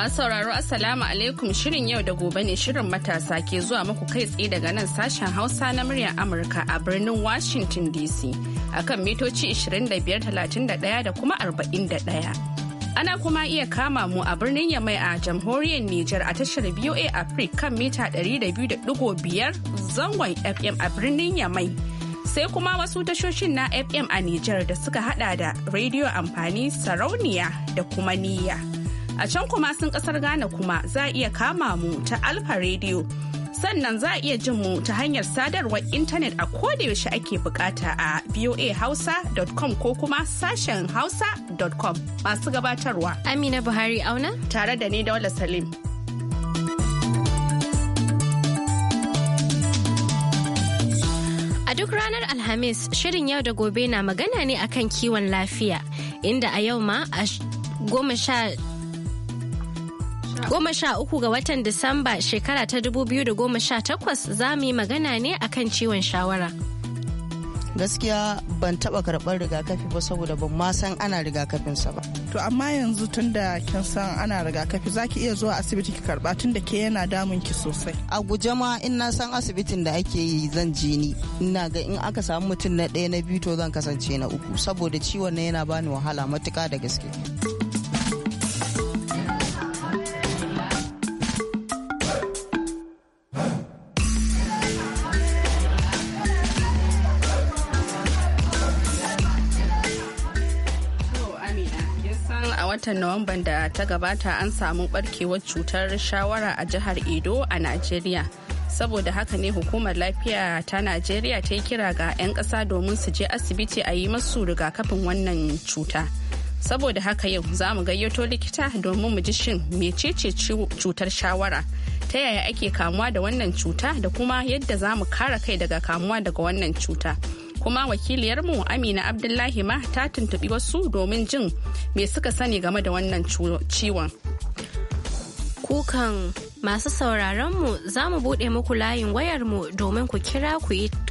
masu sauraro Assalamu alaikum shirin yau da gobe ne shirin matasa ke zuwa muku kai tsaye daga nan sashen Hausa na muryar Amurka a birnin Washington DC akan mitoci 2531 da kuma 41. Ana kuma iya kama mu a birnin Yamai a jamhuriyar Nijar a tashar BOA Africa kan mita 200.5 zangon FM a birnin Yamai. Sai kuma wasu tashoshin na FM a Nijar da suka hada da rediyo amfani sarauniya da kuma niyya. A can kuma sun kasar Ghana kuma za a iya kama mu ta Alfa Radio. Sannan za a iya jin mu ta hanyar sadarwar intanet a yaushe ake bukata a voahausa.com ko kuma sashen hausa.com masu gabatarwa. Amina Buhari auna? Tare da ni Daula Salim. A duk ranar Alhamis, shirin yau da gobe na magana ne akan kiwon lafiya, inda a yau ma a goma sha Goma sha uku ga watan Disamba shekara ta dubu biyu da goma sha takwas za mu yi magana ne akan ciwon shawara. gaskiya ban taba karɓar rigakafi ba saboda ban ma san ana rigakafinsa ba to amma yanzu tun da kin san ana rigakafi zaki iya zuwa asibiti ki karɓa tun da ke yana damun ki sosai a guje ma in na san asibitin da ake yi zan je ni ina ga in aka samu mutum na ɗaya na biyu to zan kasance na uku saboda ciwon na yana bani wahala matuka da gaske watan Nuwamban da ta gabata an samu barkewar cutar shawara a jihar Edo a Najeriya. Saboda haka ne hukumar lafiya ta Najeriya ta yi kira ga 'yan ƙasa domin su je asibiti a yi masu rigakafin wannan cuta. Saboda haka yau za mu gayyato likita domin mu ji shin mecece cutar shawara. ta yaya ake kamuwa da wannan cuta da kuma yadda za mu kare kai daga kamuwa daga wannan cuta. kuma wakiliyarmu amina abdullahi ma ta tuntubi wasu domin jin me suka sani game da wannan ciwon kukan masu sauraronmu za mu buɗe muku layin wayarmu domin ku kira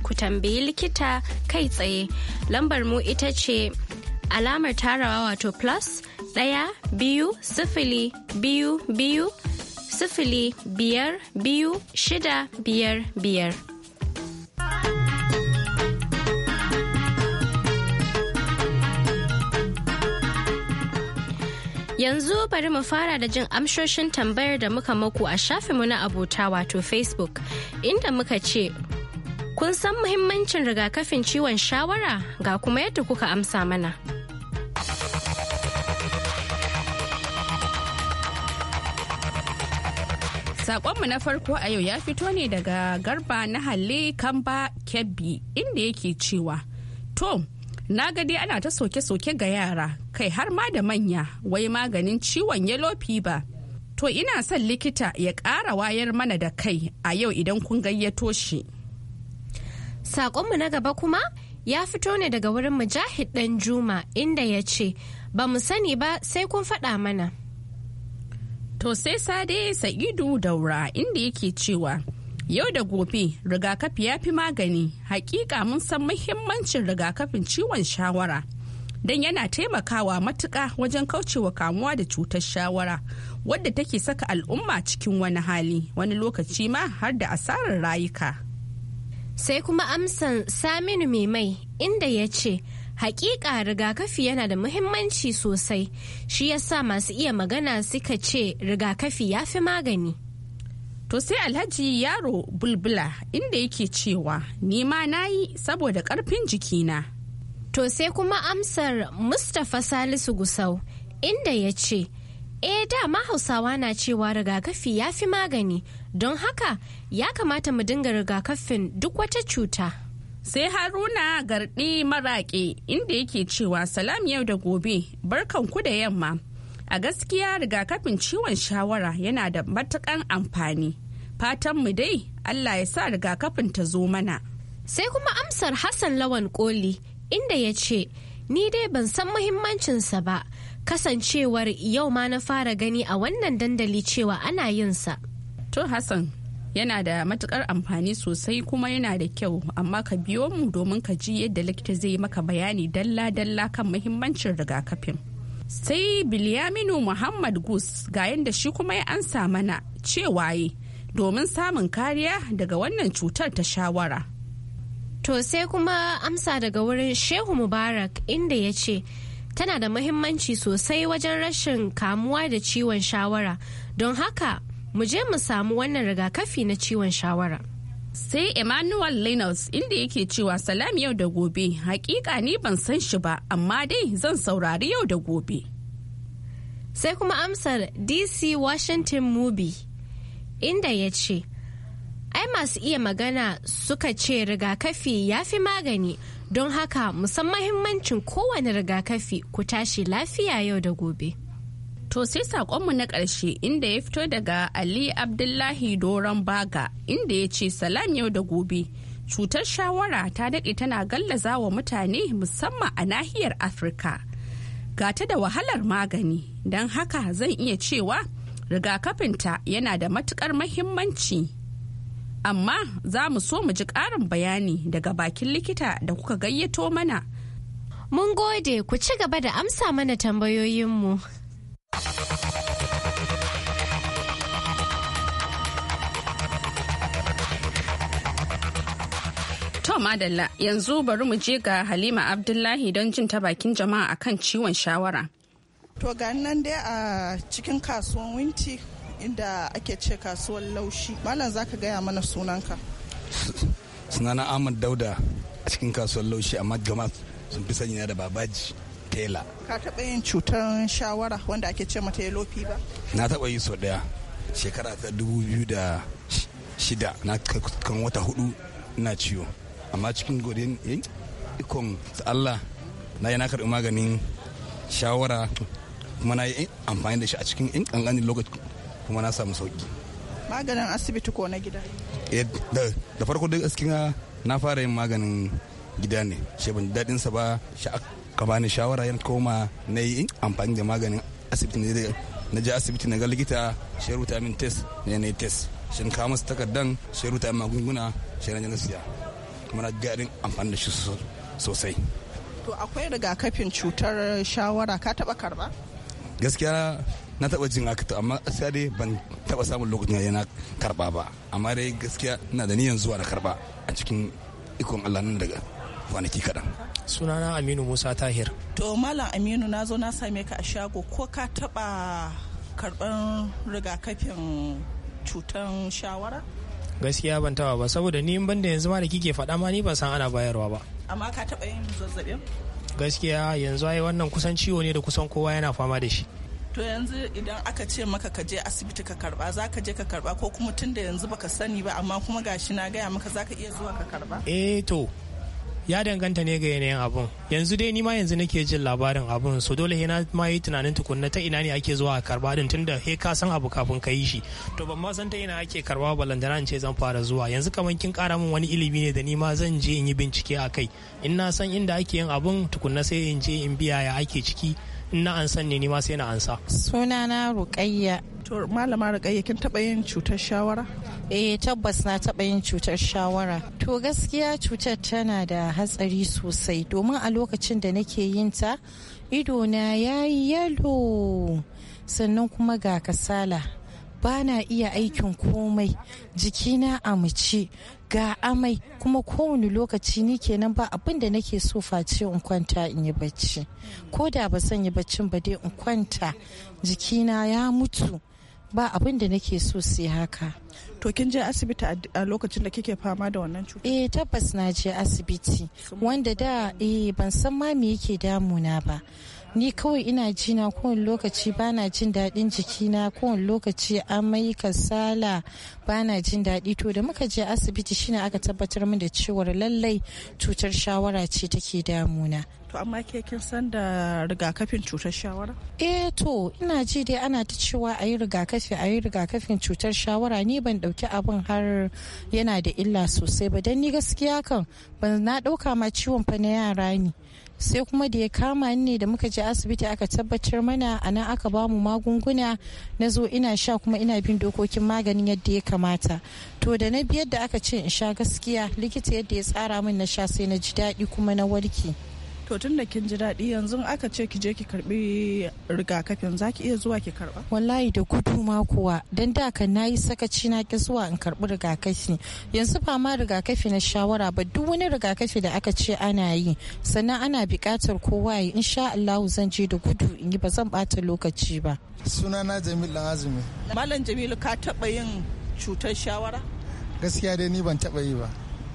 ku tambayi likita kai tsaye lambar mu ita ce alamar tarawa wato plus ɗaya biyu sifili biyu biyu sifili biyar biyu shida biyar biyar Yanzu bari mu fara da jin amshoshin tambayar da muka maku a shafinmu na abota wato Facebook inda muka ce kun san muhimmancin rigakafin ciwon shawara ga kuma yadda kuka amsa mana. saƙonmu na farko a yau ya fito ne daga garba na halle kamba kebbi inda yake cewa, to na ga dai ana ta soke-soke ga yara kai har ma da manya wai maganin ciwon yellow fever to ina son likita ya ƙara wayar mana da kai a yau idan kun gayyato shi saƙonmu na gaba kuma ya fito ne daga wurin mujahid dan juma inda ya ce ba mu sani ba sai kun faɗa mana to sai sade sa'idu daura inda yake cewa Yau da gobe rigakafi ya fi magani, hakika mun san muhimmancin rigakafin ciwon shawara. Don yana taimakawa matuƙa wajen kaucewa kamuwa da cutar shawara, wadda take saka al'umma cikin wani hali, wani lokaci ma har da asarar rayuka. Sai kuma amsan Saminu mai mai inda ya ce, hakika rigakafi yana da muhimmanci sosai, shi yasa masu iya magana suka ce rigakafi ya fi magani. To sai Alhaji Yaro Bulbula inda yake cewa na yi saboda karfin jikina. To sai kuma amsar Mustapha Salisu Gusau inda ya ce, E dama Hausawa na cewa rigakafi ya fi magani, don haka ya kamata mu dinga rigakafin duk wata cuta. Sai Haruna Garɗi Maraƙe inda yake cewa salam yau da gobe, barkanku da yamma. A gaskiya rigakafin ciwon shawara yana da matukan amfani. mu dai Allah ya sa rigakafin ta zo mana. Sai kuma amsar Hassan Lawan Koli inda ya ce, Ni dai ban san muhimmancinsa ba, kasancewar yau ma na fara gani a wannan dandali cewa ana yinsa. To Hassan, yana da matukar amfani sosai kuma yana da kyau amma ka biyo mu domin ka ji yadda likita zai maka bayani dalla-dalla kan muhimmancin rigakafin. sai biliyaminu muhammad gus ga yadda shi kuma ya ansa mana cewa yi domin samun kariya daga wannan cutar ta shawara to sai kuma amsa daga wurin shehu mubarak inda ya ce tana da mahimmanci sosai wajen rashin kamuwa da ciwon shawara don haka mu je mu samu wannan rigakafi na ciwon shawara sai emmanuel linus inda yake cewa salam yau da gobe hakika ni ban san shi ba amma dai zan saurari yau da gobe sai kuma amsar dc washington movie inda ya ce ai masu iya magana suka ce rigakafi ya fi magani don haka musamman mahimmancin kowane rigakafi ku tashi lafiya yau da gobe To sai saƙonmu na ƙarshe inda ya fito daga Ali Abdullahi Doron Baga inda ya ce salam yau da gobe. Cutar shawara ta daɗe tana gallaza wa mutane musamman a nahiyar Afirka. Gata da wahalar magani, don haka zan iya cewa rigakafinta yana da matuƙar mahimmanci. Amma za mu so mu ji ƙarin bayani daga bakin likita da kuka gayyato mana. Mun gode ku ci gaba da amsa mana tambayoyinmu. madalla yanzu bari mu je ga Halima Abdullahi don jin ta bakin jama'a akan ciwon shawara. To ga nan dai a cikin kasuwan winti inda ake ce kasuwan laushi. Malam zaka gaya mana sunanka. Sunana Ahmad Dauda a cikin kasuwan laushi amma gama sun fi sanya da babaji tela. Ka taɓa yin cutar shawara wanda ake ce mata yellow ba. Na taba yi sau daya shekara ta dubu biyu da shida na kan wata hudu ina ciwo. amma cikin godin eh, ikon Allah na yana karɓi maganin shawara kuma na yi eh, amfani da shi a cikin in eh, ƙanƙanin lokaci kuma na samu sauki maganin asibiti ko na gida da farko da gaskiya na fara yin maganin gida ne shi ban daɗinsa ba shi aka bani shawara yana koma na yi amfani da maganin asibiti ne na je asibiti na ga likita shi rubuta min test ne na yi test shin kawo masu takardan shi rubuta magunguna shi na siya muna garin amfani da shi sosai to akwai rigakafin cutar shawara ka taɓa karba gaskiya na taɓa jin haka to amma gaskiya dai ban taɓa samun lokacin da yana karba ba amma dai gaskiya ina da niyan zuwa da karba a cikin ikon Allah nan daga kwanaki kaɗan. sunana aminu musa tahir to malam aminu na zo na same ka a shago ko ka taɓa karɓar rigakafin cutar shawara gaskiya ban taba ba saboda ni ban da yanzu ma da kike faɗa ma ni ban san ana bayarwa ba amma ka taba yin zazzabin gaskiya yanzu ai wannan kusan ciwo ne da kusan kowa yana fama da shi to yanzu idan aka ce maka ka je asibiti ka karba za ka je ka karba ko kuma tun da yanzu baka sani ba amma kuma gashi na gaya maka za ka iya zuwa ka karba eh to ya danganta ne ga yanayin abun yanzu dai ni ma yanzu nake jin labarin abun so dole na ma yi tunanin tukunna ta ina ne ake zuwa a karba din tunda he ka san abu kafin ka yi shi to ban ma san ta ina ake karba balandana in ce zan fara zuwa yanzu kamar kin kara min wani ilimi ne da ni ma zan je in yi bincike a kai in na san inda ake yin abun tukunna sai in je in biya ya ake ciki ina an san ne ni ma sai na ansa sunana ruqayya to malama Rukayya kin taba yin cutar shawara eh tabbas na taba yin cutar shawara to gaskiya cutar tana da hatsari sosai domin a lokacin da nake yin ta ido na yayi yalo sannan kuma ga kasala bana iya aikin komai jikina a mace ga amai kuma kowane lokaci ni kenan ba abin da nake so face in kwanta in yi bacci ko da ba san yi baccin ba dai in kwanta jikina ya mutu ba abin da nake so sai haka to kin je asibiti a lokacin da kike fama da wannan cuta eh tabbas na je asibiti wanda da eh ban san ma me yake damuna ba ni kawai ina jina kowane lokaci bana jin daɗin jikina kowane lokaci amai kasala bana jin daɗi to da muka je asibiti shine aka tabbatar min da cewar lallai cutar shawara ce take damuna to amma ke kin san da rigakafin cutar shawara eh to ina ji dai ana ta cewa ayi rigakafi ayi rigakafin cutar shawara ni ban dauki abin har yana da illa sosai ba dan ni gaskiya kan ban na dauka ma ciwon fa na yara ni. sai kuma da ya kama ne da muka je asibiti aka tabbatar mana a nan aka bamu magunguna na zo ina sha kuma ina bin dokokin maganin yadda ya kamata to da na biyar da aka ce in sha gaskiya likita yadda ya tsara min na sha sai na ji daɗi kuma na warke to tun da kin ji daɗi yanzu aka ce ki je ki karbi rigakafin za ki iya zuwa ki karba wallahi da gudu ma kuwa dan da kan nayi sakaci na ki zuwa in karbi rigakafi yanzu ba ma rigakafi na shawara ba duk wani rigakafi da aka ce ana yi sannan ana buƙatar kowa yi insha Allah zan je da gudu in yi ba zan ɓata lokaci ba sunana Jamil Dan Azumi Malam Jamilu ka taɓa yin cutar shawara gaskiya dai ni ban taɓa yi ba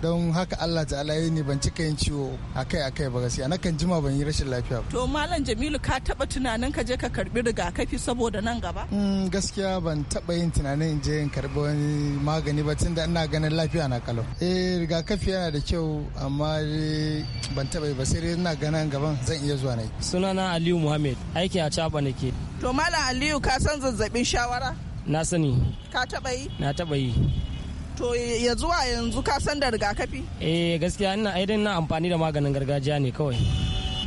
don haka Allah ta'ala ya ni ban cika yin ciwo akai akai ba gaskiya nakan jima ban yi rashin lafiya ba to malam Jamilu ka taba tunanin ka je ka karbi rigakafi saboda nan gaba mm, gaskiya ban taba yin tunanin in je in karbi wani magani ba tunda ina ganin lafiya na kalau eh rigakafi yana da kyau amma ban taba yi ba sai ina ganin gaban zan iya zuwa na sunana Aliyu Muhammad aiki a caba nake to malam Aliyu ka san zazzabin shawara na sani ka taba yi na taba yi to ya zuwa yanzu ka san da rigakafi eh gaskiya ina aidan na amfani da maganin gargajiya ne kawai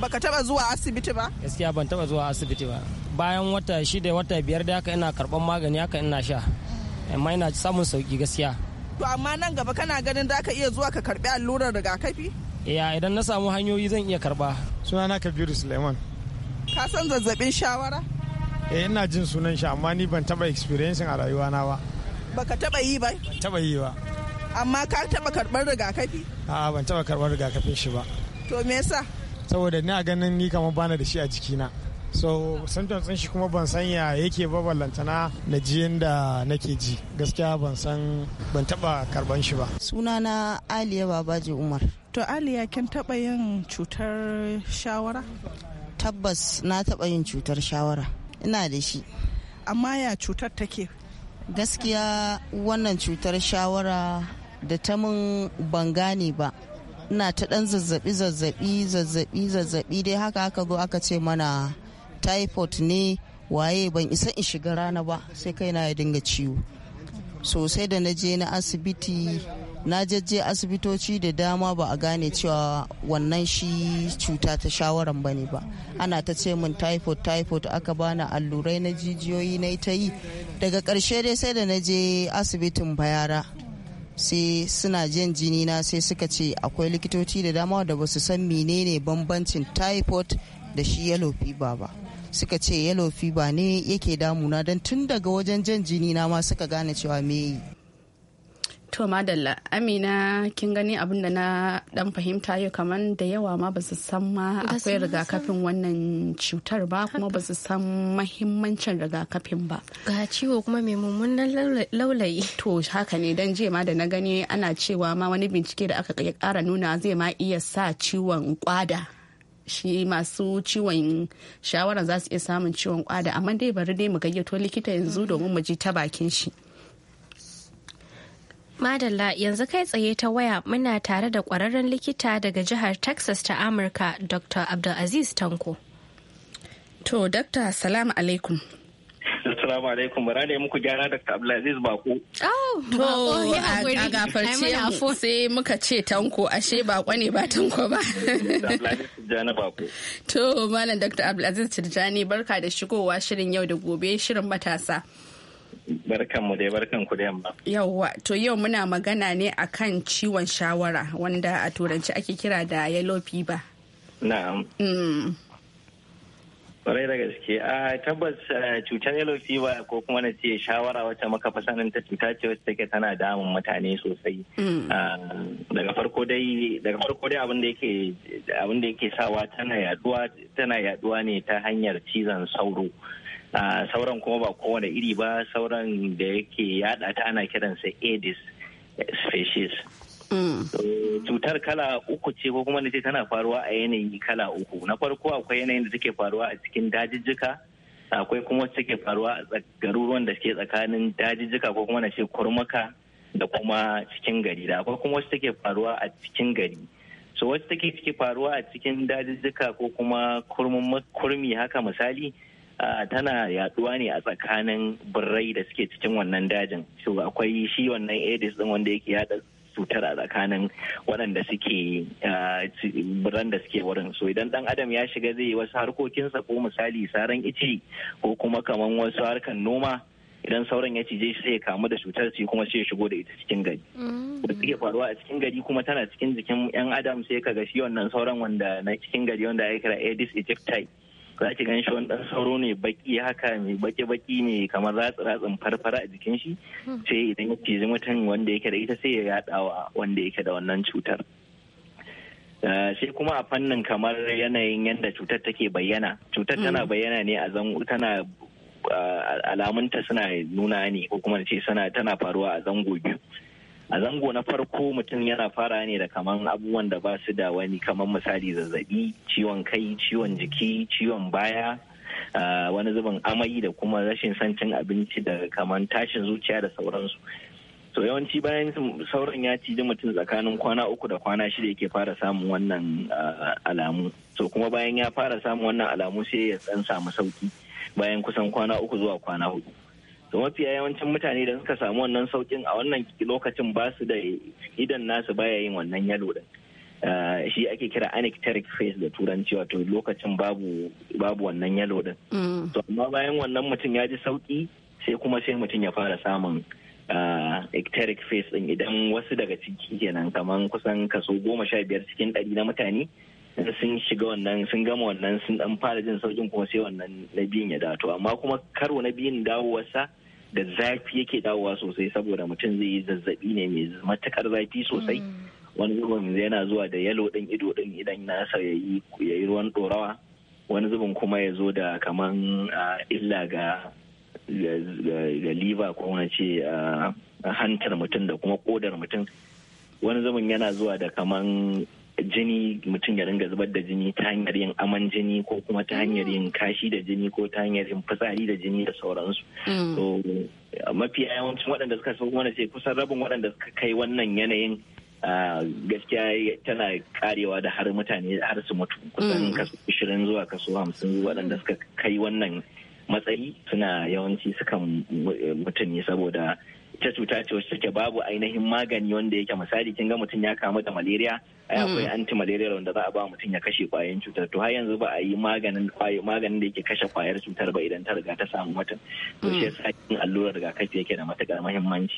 baka taba zuwa asibiti ba gaskiya ban taba zuwa asibiti ba bayan wata shida wata biyar da haka ina karban magani haka ina sha amma ina samun sauki gaskiya to amma nan gaba kana ganin da ka iya zuwa ka karbi allurar rigakafi iya eh, idan na samu hanyoyi zan iya karba sunana kabiru suleiman ka san zazzabin shawara eh ina jin sunan shi amma ni ban taba experiencing a rayuwana ba Baka taba yi ba? Ban taba yi ba. Amma ka taba karɓar rigakafi? A'a ban taba karɓar rigakafin shi ba. To me yasa? Saboda ni a ganin ni kamar bana da shi a jikina. so symptoms din shi kuma ban san ya yake ba ballantana na jiyin da nake ji gaskiya ban san ban taba karban shi ba sunana aliya babaji umar to aliya kin taba yin cutar shawara tabbas na taba yin cutar shawara ina da shi amma ya cutar take gaskiya wannan cutar shawara da ta mun ban gane ba ina ta dan zazzabi zazzabi zazzabi zazzabi dai haka aka zo aka ce mana typhoid ne waye ban isa in shiga rana ba sai kaina ya dinga ciwo sosai da na je na asibiti na jajje asibitoci da dama ba a gane cewa wannan shi cuta ta shawaran bane ba ana ta ce min typhoid typhoid aka bani allurai na jijiyoyi na ta yi daga karshe dai sai da na je asibitin bayara sai suna jan jini na sai suka ce akwai likitoci da dama da basu san menene bambancin typhoid da shi yellow fever ba suka ce yellow fever ne yake damuna don tun daga wajen jan jini na ma suka gane cewa me To madalla Amina kin gani abin da na dan fahimta yau kamar da yawa ma ba su san ma akwai rigakafin wannan cutar ba kuma ba su san mahimmancin rigakafin ba. Ga ciwo kuma mai mummunan laulayi. To haka ne dan je ma da na gani ana cewa ma wani bincike da aka kara nuna zai ma iya sa ciwon kwada. shi masu ciwon shawara za su iya samun ciwon kwada amma dai bari dai mu gayyato likita yanzu mm. domin mu ji ta bakin shi. Madalla yanzu kai tsaye ta waya muna tare da kwararren likita daga jihar Texas ta Amurka Dr. Abdulaziz Tanko. To, Dr. Salamu alaikum. Assalamu alaikum, bara ne muku gyara da Abdulaziz Bako. Oh, to a gafarce sai muka ce tanko ashe bako ne ba tanko ba. To, Malam Dr. Abdulaziz Tijjani barka da shigowa shirin yau da gobe shirin matasa. Barkan mu dai barkan ku yamma. Yawwa to yau muna magana ne akan ciwon shawara wanda a turanci ake kira da yellow fever. Na'am. Mm. Kwarai da gaske a tabbas eh, cutar yellow fever ko kuma na ce shawara wacce maka fasanin ta cuta ce wacce take tana damun mutane sosai. Mm. Ah, daga farko dai daga farko dai abin yake abin sawa tana yaduwa tana yaduwa ne ta hanyar cizon sauro. sauran kuma ba kowane iri ba sauran da yake yada ta ana kiransa aedes species mm. cutar kala uku ce ko kuma nace tana faruwa a yanayi kala uku na farko akwai yanayin da take faruwa a cikin dajijjika akwai kuma take faruwa a garuruwan da suke tsakanin dajijjika ko kuma nace kurmuka da kuma cikin gari da akwai kuma wacce take faruwa a cikin gari so wacce take faruwa a cikin dajijjika ko kuma kurmi haka misali tana yaduwa ne a tsakanin birrai da suke cikin wannan dajin so akwai shi wannan aedes din wanda yake yada cutar a tsakanin waɗanda suke biran da suke wurin so idan dan adam ya shiga zai yi wasu harkokinsa ko misali saran ici ko kuma kaman wasu harkan noma idan sauran ya cije shi sai ya kamu da cutar sai kuma sai ya shigo da ita cikin gari ko mm. suke faruwa a cikin gari kuma tana cikin jikin yan adam sai kaga shi wannan sauran wanda na cikin gari wanda ya kira aedes aegypti za ki gan shi wani dan sauro ne baki haka mai baki baki ne kamar ratsa ratsin farfara a jikin shi hmm. sai idan ya ciji mutum wanda yake da ita sai ya yadawa wanda yake da wannan cutar eh, sai kuma a fannin kamar yanayin yadda cutar take bayyana cutar tana hmm. bayyana ne a zango tana eh, alamunta suna nuna ne ko kuma ce tana faruwa a zango biyu a zango na farko mutum yana fara ne da kaman abubuwan da ba su da wani kaman misali zazzabi ciwon kai ciwon jiki ciwon baya wani zubin amai da kuma rashin son cin abinci da kaman tashin zuciya da sauransu so yawanci bayan sauran ya ciji mutum tsakanin kwana uku da kwana shida yake fara samun wannan alamu so kuma bayan ya fara samun wannan alamu sai ya dan samu sauki bayan kusan kwana uku zuwa kwana hudu to mafiya yawancin mutane da suka samu wannan saukin a wannan lokacin ba su da idan nasu baya yin wannan yalo din eh, shi ake kira anecteric phase da turanci wato lokacin babu wannan yalo din mm. to amma bayan wannan mutum ya ji sauki sai kuma sai mutum ya fara samun eh, ecteric phase din idan wasu daga ciki kenan kaman kusan kaso goma sha biyar cikin ɗari na mutane sun shiga wannan sun gama wannan sun dan fara jin saukin kuma sai wannan na biyun ya dato amma kuma karo na biyun dawowarsa da zafi yake dawowa sosai saboda mutum zai yi zazzabi ne mai matakar zafi sosai mm. wani zubin yana zuwa da yalo din ido din idan nasa ya yi ruwan dorawa wani zubin kuma ya zo da kaman illa ga ga liver ko wani ce hantar mutum da kuma kodar mutum wani zubin yana zuwa da kaman jini mutum ya ringa zubar da jini ta hanyar yin aman jini ko kuma ta hanyar mm. yin kashi da jini ko ta hanyar yin fitsari da jini da sauransu mm. so uh, mafi yawancin waɗanda suka so kuma ce kusan rabin waɗanda suka kai wannan yanayin uh, gaskiya tana karewa da har mutane har su mutu mm. kusan kaso ishirin zuwa kaso hamsin waɗanda suka kai wannan matsayi suna yawanci sukan eh, mutum ne saboda ita cuta ce wacce take babu ainihin magani wanda yake misali kin ga mutum ya kamu da malaria ai akwai mm. anti malaria wanda za a ba mutum ya kashe kwayoyin cutar to har yanzu ba a yi maganin maganin da yake kashe kwayar cutar ba idan ta riga ta samu mutum to shi mm. yasa yin allurar rigakafi yake da matukar muhimmanci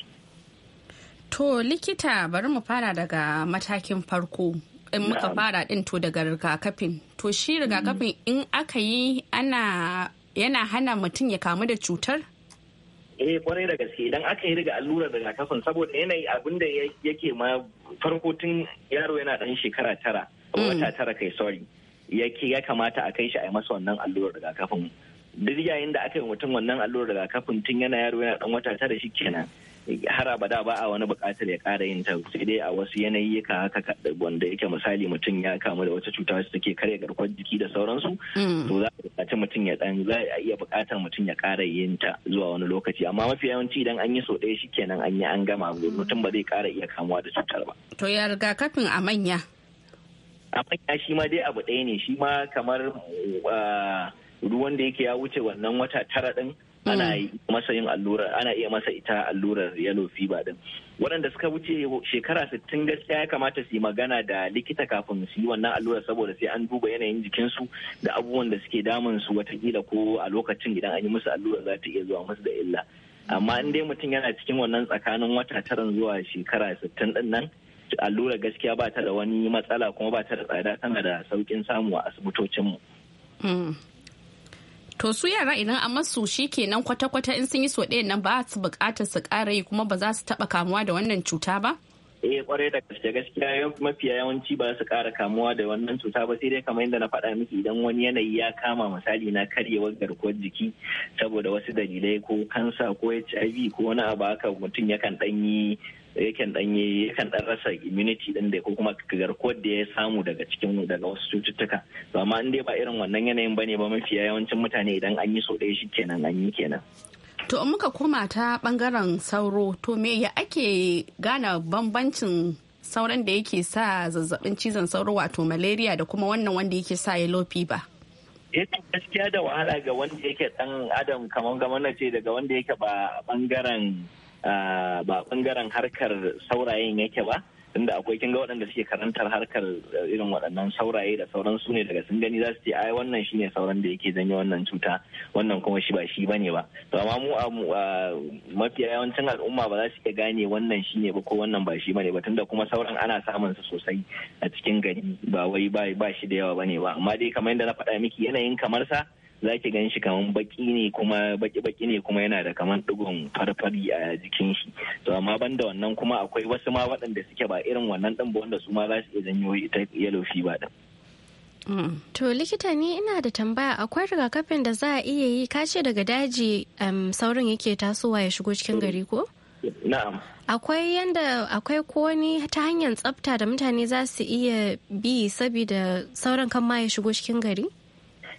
to likita bari mu fara daga matakin farko in muka fara din to daga rigakafin to shi rigakafin mm. in aka yi ana yana hana mutum ya kamu da cutar eh kwarai da gaske idan aka yi daga allurar rigakafin saboda yanayi abin da yake ma farko tun yaro yana dan shekara tara mm. wata tara kai sorry yake ya kamata a kai shi a yi masa wannan allurar rigakafin duk yayin da aka yi mutum wannan allurar rigakafin tun yana yaro yana dan wata tara shi kenan har abada ba a wani bukatar ya kara yin ta sai dai a wasu yanayi ka haka wanda yake misali mutum ya kamu da wata cuta wacce take karya garkuwar jiki da sauransu mm. to za a bukaci mutum ya dan za a iya bukatar mutum ya kara yin ta zuwa wani lokaci amma mafi yawanci idan an yi so ɗaya shikenan an yi an gama mutum ba zai kara iya kamuwa da cutar ba to ya rigakafin a manya a manya shi ma dai abu ɗaya ne shi ma kamar uh, ruwan da yake ya wuce wannan wata tara ɗin ana mm. masa yin allura ana iya masa ita allurar yellow fever din waɗanda suka wuce shekara 60 gaskiya ya kamata su yi magana da likita kafin su yi wannan allurar saboda sai an duba yanayin jikinsu da abubuwan da suke damun su watakila ko a lokacin idan an yi musu allurar za ta iya zuwa musu da illa amma in dai mutum yana cikin wannan tsakanin wata tara zuwa shekara 60 din nan allurar gaskiya ba ta da wani matsala kuma ba ta da tsada tana da saukin samu a asibitocin mu. Mm. to su yara idan a masu shi kenan kwata-kwata in sun yi so ɗayan nan ba su buƙatar su ƙara yi kuma ba za su taɓa kamuwa da wannan cuta ba? eh kwarai da gaske gaskiya mafiya yawanci ba su kara kamuwa da wannan cuta ba sai dai kamar yadda na faɗa miki idan wani yanayi ya kama misali na karyewar garkuwar jiki saboda wasu dalilai ko kansa ko hiv ko wani abu haka mutum yakan ɗan yi yakan dan yi yakan dan rasa immunity din da ko kuma garkuwar da ya samu daga cikin daga wasu cututtuka to amma in dai ba irin wannan yanayin bane ba mafiya yawancin mutane idan an yi so ɗaya shi kenan an yi kenan to in muka koma ta bangaren sauro to me ya ake gane bambancin sauran da yake sa zazzabin cizon sauro wato malaria da kuma wannan wanda yake sa yellow fever ita eh, gaskiya da wahala ga wanda yake dan adam kamar gama na ce daga wanda yake ba bangaren ba bangaren harkar saurayen yake ba inda akwai kinga waɗanda suke karantar harkar eh, irin waɗannan sauraye da sauran su ne daga sun gani za su ce ai wannan shine sauran da yake janyo wannan cuta wannan kuma shi ba shi bane ba to amma mu a mafiya yawancin al'umma ba za su iya gane wannan shine ba ko wannan ba shi bane ba tunda kuma sauran ana samun su sosai a cikin gari ba wai ba shi da yawa bane ba amma dai kamar yadda na faɗa miki yanayin kamar sa za ki gan shi kaman baki ne kuma baki baki ne kuma yana da kaman digon farfari a jikin shi to amma banda wannan kuma akwai wasu ma waɗanda suke ba irin wannan ɗin ba wanda su ma za su iya janyo ita yellow fever din. Mm. To likita ni ina da tambaya akwai rigakafin da za a iya yi kace daga daji saurin yake tasowa ya shigo cikin gari ko? Na'am. Akwai yanda akwai ko ta hanyar tsafta da mutane za su iya bi saboda sauran kan ma ya shigo cikin gari?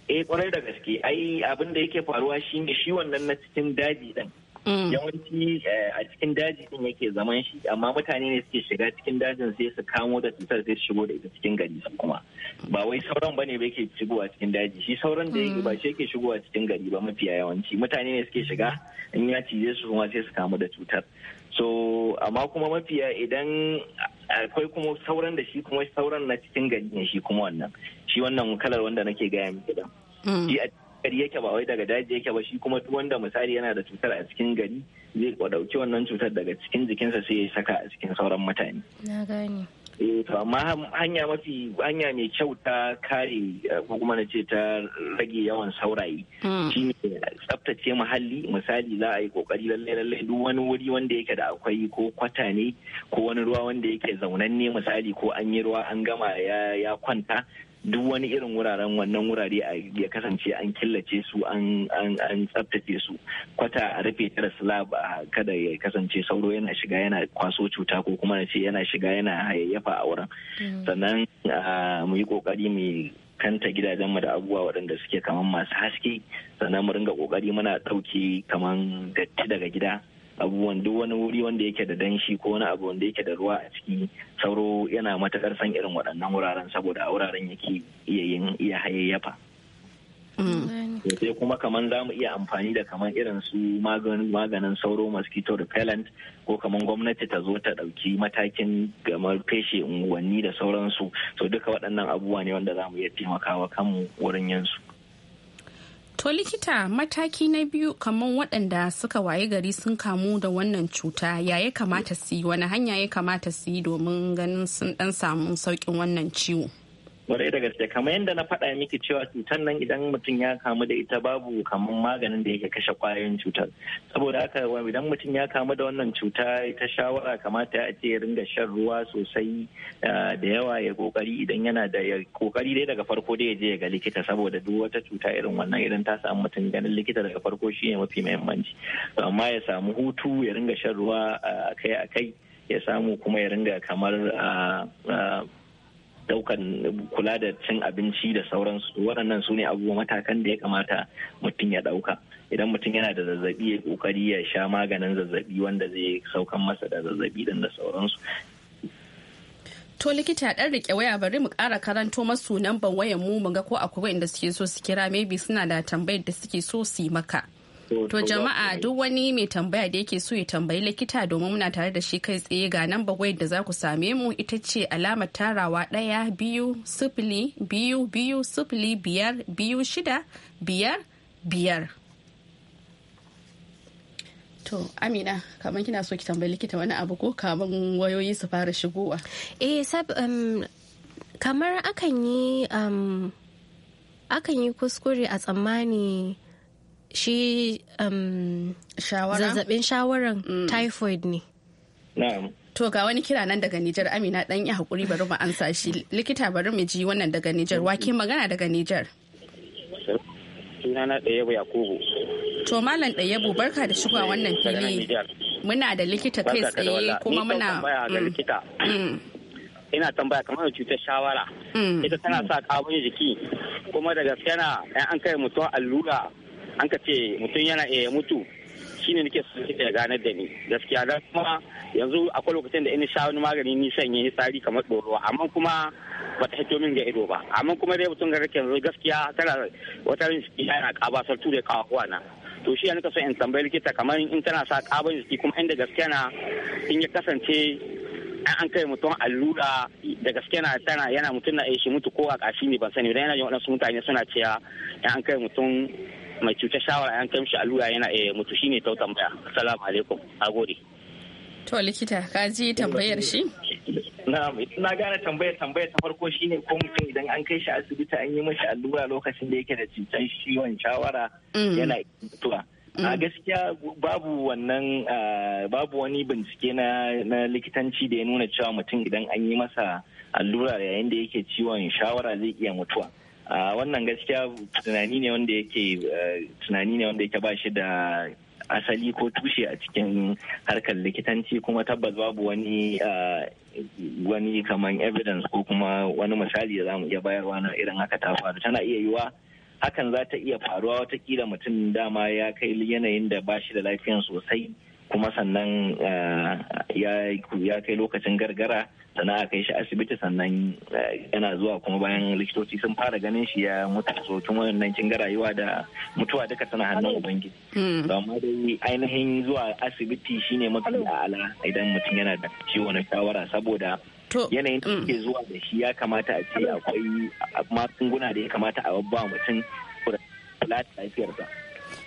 eh kwarai da gaske ai abin da yake faruwa shi shi wannan na cikin daji din mm. yawanci eh, a cikin daji din yake zaman shi amma mutane ne suke shiga cikin dajin sai su kamo da cutar sai su shigo da ita cikin gari kuma ba wai sauran bane ba yake shigowa cikin daji shi sauran da yake mm. ba shi yake shigowa cikin gari ba mafiya yawanci mutane ne suke shiga in ya cije su kuma sai su kamo da cutar so amma kuma mafiya idan akwai kuma sauran da shi kuma sauran na cikin gari ne shi kuma wannan shi wannan kalar wanda nake gaya miki da mm. shi a gari yake ba wai daga daji yake ba shi kuma duk wanda misali yana da cutar a cikin gari zai ɗauki wannan cutar daga cikin jikinsa sai ya saka a cikin sauran mutane na gane Eh, to amma hanya mafi hanya mai kyau ta kare eh, ko kuma na ce ta rage yawan saurayi hmm. shine tsaftace muhalli misali za a yi kokari lallai lallai duk wani wuri wanda yake da akwai ko kwata ne ko wani ruwa wanda yake zaunanne misali ko an yi ruwa an gama ya kwanta duk wani irin wuraren wannan wurare ya kasance an killace su an tsabtace su kwata a rufe ta da slab kada ya kasance sauro yana shiga yana kwaso cuta ko kuma na ce yana shiga yana hayayyafa a wurin mm. sannan mu yi kokari mu kanta gidajenmu da abubuwa waɗanda suke kaman masu haske sannan mu ringa kokari muna ɗauke kaman datti daga gida abubuwan duk wani wuri wanda yake da danshi ko wani abu wanda yake da ruwa a ciki sauro yana matakar san irin waɗannan wuraren saboda a wuraren yake iya yin iya hayayyafa mm. sai kuma kamar za mu iya amfani da kaman irin su maganin sauro mosquito repellent ko kaman gwamnati ta zo ta ɗauki matakin gamar feshe unguwanni da sauransu sau duka waɗannan abubuwa ne wanda za mu iya taimakawa kanmu wurin yansu. To likita mataki na biyu kamar waɗanda suka waye gari sun kamu da wannan cuta ya ya kamata su yi wani hanya ya kamata su yi domin ganin sun ɗan samu sauƙin wannan ciwo. Kwarai da gaske kamar yadda na faɗa miki cewa cutar nan idan mutum ya kamu da ita babu kamar maganin da yake kashe kwayoyin cutar. Saboda haka idan mutum ya kamu da wannan cuta ta shawara kamata ya ce ya ringa shan ruwa sosai eh, da yawa ya kokari idan yana da kokari dai daga farko dai ya je ya ga likita saboda duk wata cuta irin wannan idan ta samu mutum ganin likita daga farko shi ne mafi muhimmanci. Amma ya samu hutu ya ringa shan ruwa eh, akai-akai ya samu kuma ya ringa kamar eh, daukan kula da cin abinci da sauransu waɗannan su ne abubuwa matakan da ya kamata mutum ya dauka idan mutum yana da zazzabi ya kokari ya sha maganin zazzabi wanda zai saukan masa da zazzabi din da sauransu to likita dan rike waya bari mu kara karanto masu namban wayan mu mu ga ko akwai wanda suke so su kira maybe suna da tambayar da suke so su yi maka To jama'a duk wani mai tambaya da yake so ya tambayi likita domin muna tare da shi kai tsaye ga nan bagwai da za ku same mu ita ce alamar tarawa ɗaya biyu sifili biyu biyu sifili biyar biyu shida biyar biyar. To Amina, kamar kina so ki tambayi likita wani abu ko kamar wayoyi su fara shigowa? Eh sab um, kamar akan yi um, akan yi kuskure a tsammani shi um, zazzabin shawaran mm. typhoid ne To ga wani kira nan daga Nijar Amina dan yi hakuri bari mu ansa shi likita bari mu ji wannan daga Nijar wa ke magana daga Nijar. Sunana yabo Yakubu. To Malam yabo barka da shigowa wannan fili. Muna da likita kai tsaye kuma muna mm. likita. Mm. Ina tambaya kamar cutar shawara. Ita tana sa kabun jiki kuma daga gaske na an kai mutuwa allura an ka ce mutum yana iya mutu shine nake so ya gane da ni gaskiya da kuma yanzu akwai lokacin da ina sha wani magani ni sanye tsari kamar ɗoruwa amma kuma ba ta hito min ga ido ba amma kuma dai mutum ga rake yanzu gaskiya tana wata rin shi yana kabasar ture kawakuwa na to shi ya nika so in tambayi likita kamar in tana sa kaban jiki kuma inda gaskiya na in ya kasance an an kai mutum allura da gaske na tana yana mutum na shi mutu ko a kashi ne ban sani dan yana yin wadansu mutane suna cewa an kai mutum mai cutar shawara an kai mishi allura yana iya eh, mutu shine ta tambaya assalamu alaikum gode. to likita ka ji tambayar shi na gane tambayar tambayar ta farko shine ko mutum idan an kai shi asibiti an yi mashi allura lokacin da yake da cutar ciwon shawara mm. yana mutuwa a mm. gaskiya babu wannan babu wani bincike na likitanci da ya nuna cewa mutum idan an yi masa allura yayin da yake ciwon shawara zai iya mutuwa wannan gaskiya tunani ne wanda yake eh, tunani ne wanda yake ba shi da asali ko tushe a cikin harkar likitanci kuma tabbas babu wani eh, wani kamar evidence ko kuma wani misali da zamu iya bayarwa na irin haka ta faru tana iya yiwa hakan za ta iya faruwa wata watakila mutum dama ya kai yanayin da ba shi da lafiyan sosai kuma sannan eh, ya kai lokacin gargara sannan a kai shi asibiti sannan eh, yana zuwa kuma bayan likitoci sun fara ganin shi ya mutu a tun wannan kin ga rayuwa da mutuwa duka tana hannun ubangiji hmm. to amma dai ainihin zuwa asibiti shine mafi ala idan mutum yana da ciwo na shawara saboda yanayin da hmm. ke zuwa da shi ya kamata a ce akwai magunguna da ya kamata a babba mutum kula da lafiyarsa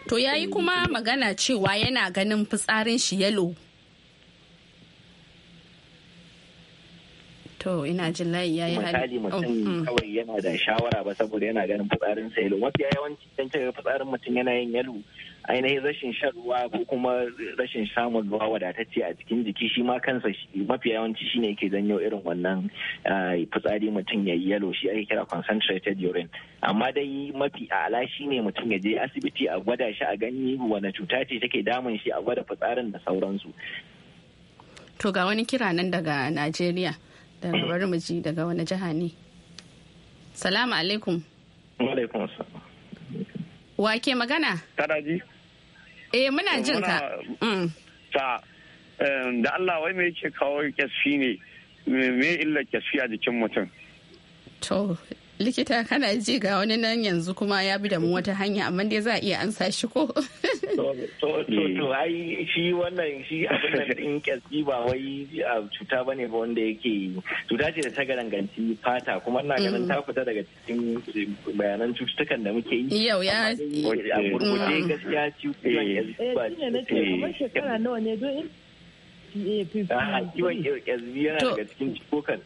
to yayi kuma magana cewa yana ganin fitsarin shi yalo To ina jin layi ya yi hali. Misali oh, mutum mm. kawai yana da shawara ba saboda yana ganin fitsarin sa yalo. Mafiya yawanci dan cewa fitsarin mutum yana yin yalo ainihin rashin shan ruwa ko kuma rashin samun ruwa wadatacce a cikin jiki shi ma kansa mafiya yawanci shine yake janyo irin wannan eh, fitsari mutum ya yi yalo shi ake kira concentrated urine. Amma dai mafi ala ne mutum ya je asibiti a gwada shi a gani wani cuta ce take damun shi a gwada fitsarin da sauransu. To ga wani kira nan daga Najeriya. daga bari mu ji daga wani jiha ne salamu alaikum alaikum wa ke magana kana ji eh muna jin ka mm. ta eh, da Allah wai me yake kawo kyasfi ne me illa kyasfi a jikin mutum To, likita kana ji ga wani nan yanzu kuma ya bi da mu wata hanya amma dai za a iya ansa shi ko to to to eh. ai shi wannan shi abin da in kyasi ba wai cuta bane ba wanda yake cuta ce da ta garanganci fata kuma ina ganin mm. ta fita daga cikin eh, bayanan cututtukan da muke yi yau ya a gurguje mm. gaskiya ciwon eh. ba ce shekara nawa ne don kiwon kyasi yana daga cikin cikokan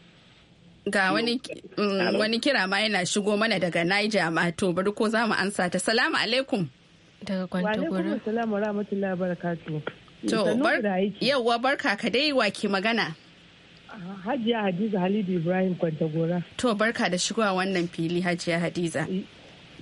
Ga wani, mm, wani kira ma yana shigo mana daga Niger ma to bari ko za mu ansa ta. Salamu alaikum. Daga Kwantagora. Salamu rahmatullahi barakatu. To bar yauwa barka ka dai wa ke magana. Ah, Hajiya Hadiza Halidu Ibrahim Kwantagora. To barka da shigowa wannan fili Hajiya Hadiza.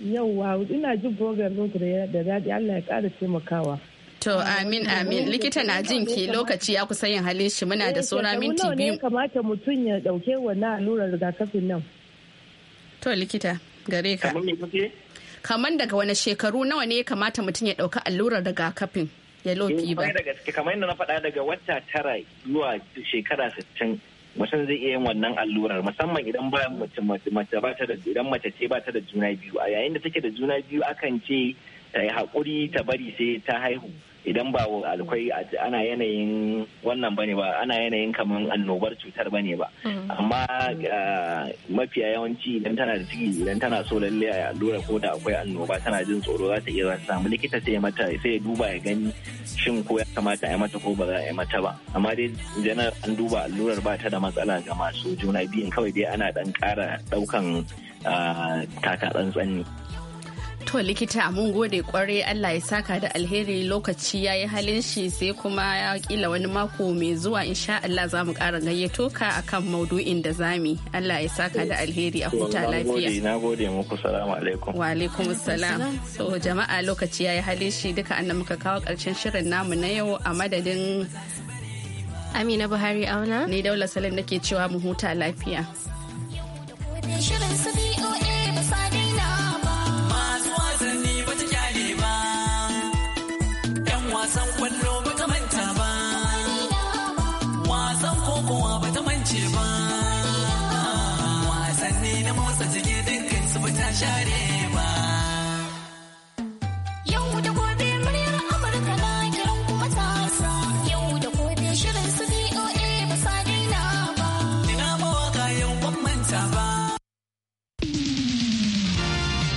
Yauwa ina jin program ɗinku da daɗi Allah ya ƙara taimakawa. To amin amin likita na jin ki lokaci ya kusa yin halin shi muna da saura eh, minti biyu. kamata mutum ya dauke wannan allurar rigakafin nan. To likita gare ka. Kamar daga wani shekaru nawa ne ya kamata mutum ya dauka allurar rigakafin ya lofi eh, ba. Kamar yadda na faɗa daga wata tara zuwa shekara sittin mutum zai iya yin wannan allurar musamman idan ba mace ba ta da idan mace ce ba ta da juna biyu a yayin da take da juna biyu akan ce ta yi haƙuri ta bari sai ta haihu idan ba alkwai ana yanayin wannan bane ba ana yanayin kamar annobar cutar bane ba mm. amma uh, mafiya yawanci idan tana da ciki idan tana so lalle a allura ko da akwai annoba tana jin tsoro za ta iya za samu likita sai mata sai ya duba ya gani shin ko ya kamata a mata ko ba za a mata ba amma dai janar an duba allurar ba ta da matsala ga masu juna biyun kawai dai ana dan kara daukan uh, taka To likita mun gode kwarai Allah ya saka da alheri lokaci ya yi halin shi sai kuma ya kila wani mako mai zuwa insha Allah za mu ƙara gayyato ka akan maudu'in da zami. Allah ya saka da alheri a huta lafiya. Na gode muku salamu alaikum. Wa alaikum salam. So jama'a lokaci ya yi halin shi duka annan muka kawo karshen shirin namu na yau a madadin Amina Buhari auna. Ni Daula Salim nake cewa mu huta lafiya. Shirin su BOA